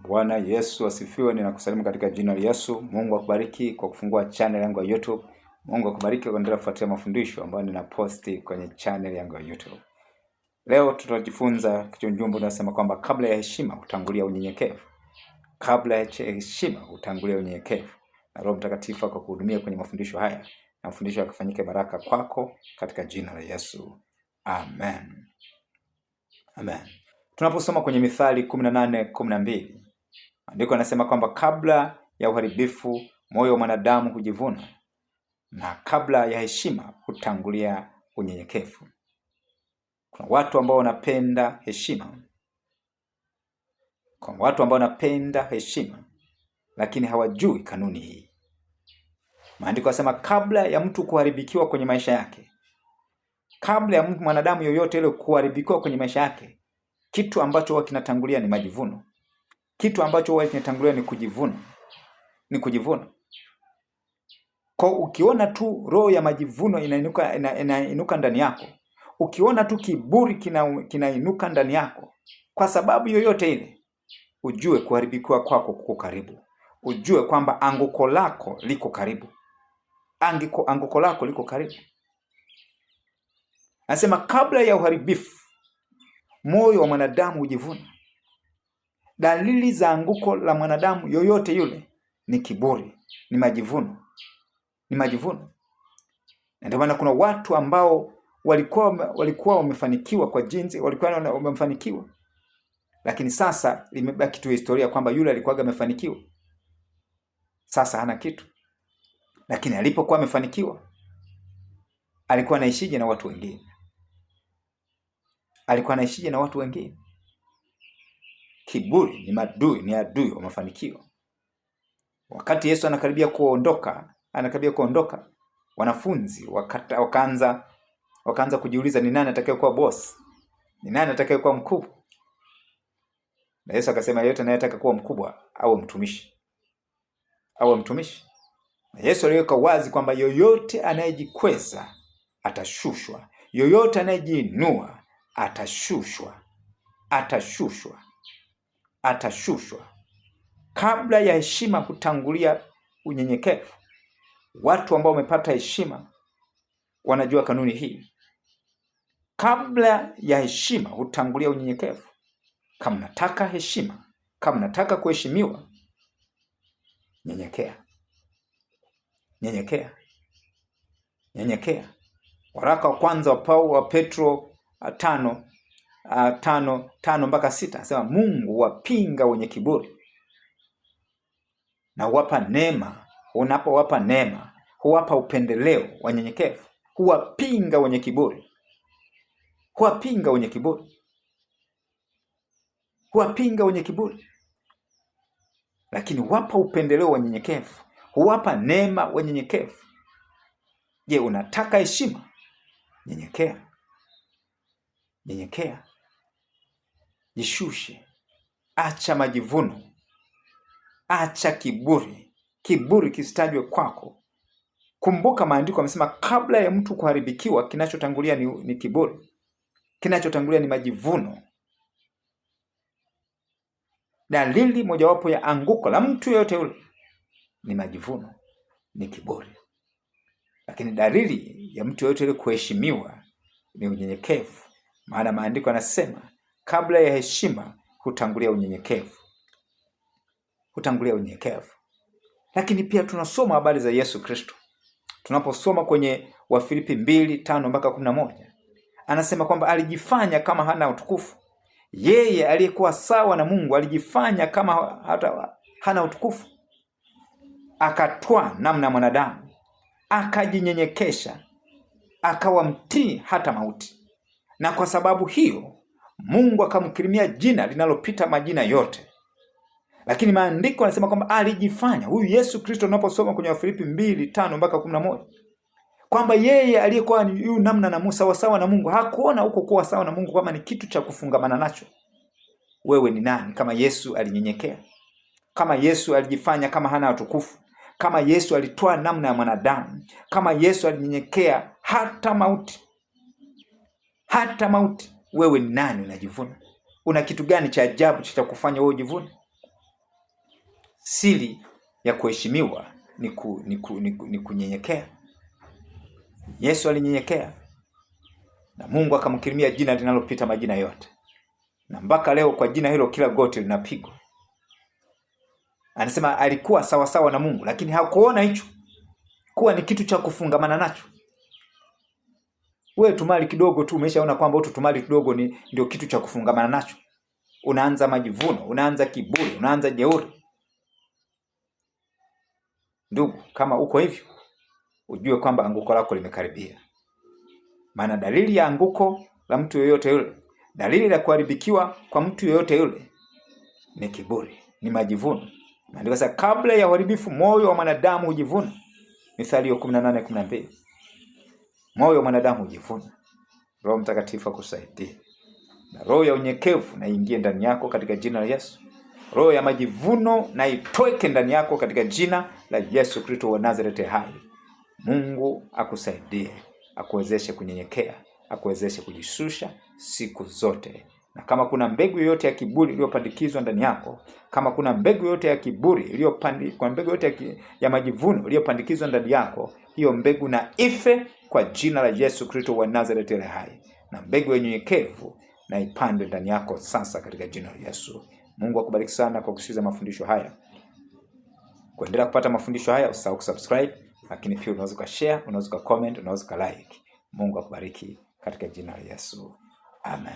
Bwana Yesu asifiwe. Ninakusalimu katika jina la Yesu. Mungu akubariki kwa kufungua channel yangu ya YouTube. Mungu akubariki kwa kuendelea kufuatia mafundisho ambayo ninaposti kwenye channel yangu ya YouTube. Leo tutajifunza kichwa jumbe tunasema kwamba kabla ya heshima hutangulia unyenyekevu. Kabla ya heshima hutangulia unyenyekevu. Na Roho Mtakatifu kwa kuhudumia kwenye mafundisho haya. Na mafundisho yakafanyike baraka kwako katika jina la Yesu. Amen. Amen. Tunaposoma kwenye Mithali 18:12 andiko anasema kwamba kabla ya uharibifu moyo wa mwanadamu hujivuna, na kabla ya heshima hutangulia unyenyekevu. Kuna watu ambao wanapenda heshima, kuna watu ambao wanapenda heshima, lakini hawajui kanuni hii. Maandiko yanasema kabla ya mtu kuharibikiwa kwenye maisha yake, kabla ya mwanadamu yoyote ile kuharibikiwa kwenye maisha yake, kitu ambacho huwa kinatangulia ni majivuno kitu ambacho huwa kinatangulia ni kujivuna, ni kujivuna. Kwa ukiona tu roho ya majivuno inainuka, ina, inainuka ndani yako, ukiona tu kiburi kina, kinainuka ndani yako kwa sababu yoyote ile, ujue kuharibikiwa kwako kuko karibu, ujue kwamba anguko lako liko karibu, anguko, anguko lako liko karibu. Anasema kabla ya uharibifu moyo wa mwanadamu hujivuna. Dalili za anguko la mwanadamu yoyote yule ni kiburi, ni majivuno, ni majivuno. Na ndio maana kuna watu ambao walikuwa walikuwa wamefanikiwa kwa jinsi walikuwa wamefanikiwa, lakini sasa limebaki tu historia kwamba yule alikuwaga amefanikiwa, sasa hana kitu. Lakini alipokuwa amefanikiwa, alikuwa anaishije na watu wengine? Alikuwa anaishije na watu wengine? Kiburi ni madui, ni adui wa mafanikio. Wakati Yesu anakaribia kuondoka, anakaribia kuondoka, wanafunzi wakata, wakaanza wakaanza kujiuliza ni nani atakayekuwa boss, ni nani atakayekuwa mkubwa. Na Yesu akasema yeyote anayetaka kuwa mkubwa awe mtumishi, awe mtumishi. Na Yesu aliweka wazi kwamba yoyote anayejikweza atashushwa, yoyote anayejiinua atashushwa, atashushwa atashushwa. Kabla ya heshima kutangulia unyenyekevu, watu ambao wamepata heshima wanajua kanuni hii. Kabla ya heshima hutangulia unyenyekevu. Kama nataka heshima, kama nataka kuheshimiwa, nyenyekea, nyenyekea, nyenyekea. Waraka wa kwanza wa Paulo wa Petro tano uh, tano tano mpaka sita anasema Mungu wapinga wenye kiburi na huwapa neema. Unapowapa neema, huwapa upendeleo wanyenyekevu, huwapinga wenye kiburi, huwapinga wenye kiburi, huwapinga wenye kiburi, lakini huwapa upendeleo wanyenyekevu, huwapa neema wanyenyekevu. Je, unataka heshima? Nyenyekea, nyenyekea. Jishushe, acha majivuno, acha kiburi, kiburi kisitajwe kwako. Kumbuka maandiko amesema, kabla ya mtu kuharibikiwa, kinachotangulia ni, ni kiburi, kinachotangulia ni majivuno. Dalili mojawapo ya anguko la mtu yoyote yule ni majivuno, ni kiburi. Lakini dalili ya mtu yeyote yule kuheshimiwa ni unyenyekevu, maana maandiko yanasema Kabla ya heshima hutangulia unyenyekevu, hutangulia unyenyekevu. Lakini pia tunasoma habari za Yesu Kristo tunaposoma kwenye Wafilipi mbili tano mpaka kumi na moja anasema kwamba alijifanya kama hana utukufu. Yeye aliyekuwa sawa na Mungu alijifanya kama hata hana utukufu, akatwaa namna ya mwanadamu, akajinyenyekesha, akawa mtii hata mauti, na kwa sababu hiyo Mungu akamkirimia jina linalopita majina yote. Lakini maandiko yanasema kwamba alijifanya huyu Yesu Kristo, unaposoma kwenye Wafilipi mbili tano mpaka kumi na moja kwamba yeye aliyekuwa yu namna na Musa sawasawa na Mungu hakuona huko kuwa sawa na Mungu kama ni kitu cha kufungamana nacho. Wewe ni nani? Kama Yesu alinyenyekea, kama Yesu alijifanya kama hana watukufu, kama Yesu alitoa namna ya mwanadamu, kama Yesu alinyenyekea hata mauti, hata mauti wewe ni nani unajivuna? Una kitu gani cha ajabu cha kufanya wewe ujivune? Siri ya kuheshimiwa ni, ku, ni, ku, ni, ku, ni kunyenyekea. Yesu alinyenyekea na Mungu akamkirimia jina linalopita majina yote, na mpaka leo kwa jina hilo kila goti linapigwa. Anasema alikuwa sawasawa na Mungu, lakini hakuona hicho kuwa ni kitu cha kufungamana nacho we tumali kidogo tu umeshaona kwamba utu tumali kidogo ni ndio kitu cha kufungamana nacho. Unaanza majivuno, unaanza kiburi, unaanza jeuri. Ndugu, kama uko hivyo, ujue kwamba anguko lako limekaribia. Maana dalili ya anguko la mtu yoyote yule, dalili la kuharibikiwa kwa mtu yoyote yule ni kiburi, ni majivuno. Maandiko sasa, kabla ya uharibifu moyo wa mwanadamu hujivuna, Mithali ya 18:12 moyo wa mwanadamu hujivuna. Roho Mtakatifu akusaidie, na roho ya unyekevu na ingie ndani yako katika jina la Yesu. Roho ya majivuno na itoweke ndani yako katika jina la Yesu Kristo wa Nazareti hai. Mungu akusaidie, akuwezeshe kunyenyekea, akuwezeshe kujishusha siku zote na kama kuna mbegu yoyote ya kiburi iliyopandikizwa ndani yako, kama kuna mbegu yoyote ya kiburi iliyopandi, kwa mbegu yoyote ya, ki, ya majivuno iliyopandikizwa ndani yako, hiyo mbegu na ife kwa jina la Yesu Kristo wa Nazareti ile hai, na mbegu ya unyenyekevu na ipandwe ndani yako sasa katika jina la Yesu. Mungu akubariki sana kwa kusikiliza mafundisho haya. Kuendelea kupata mafundisho haya, usisahau kusubscribe, lakini pia unaweza share, unaweza comment, unaweza like. Mungu akubariki katika jina la Yesu, amen.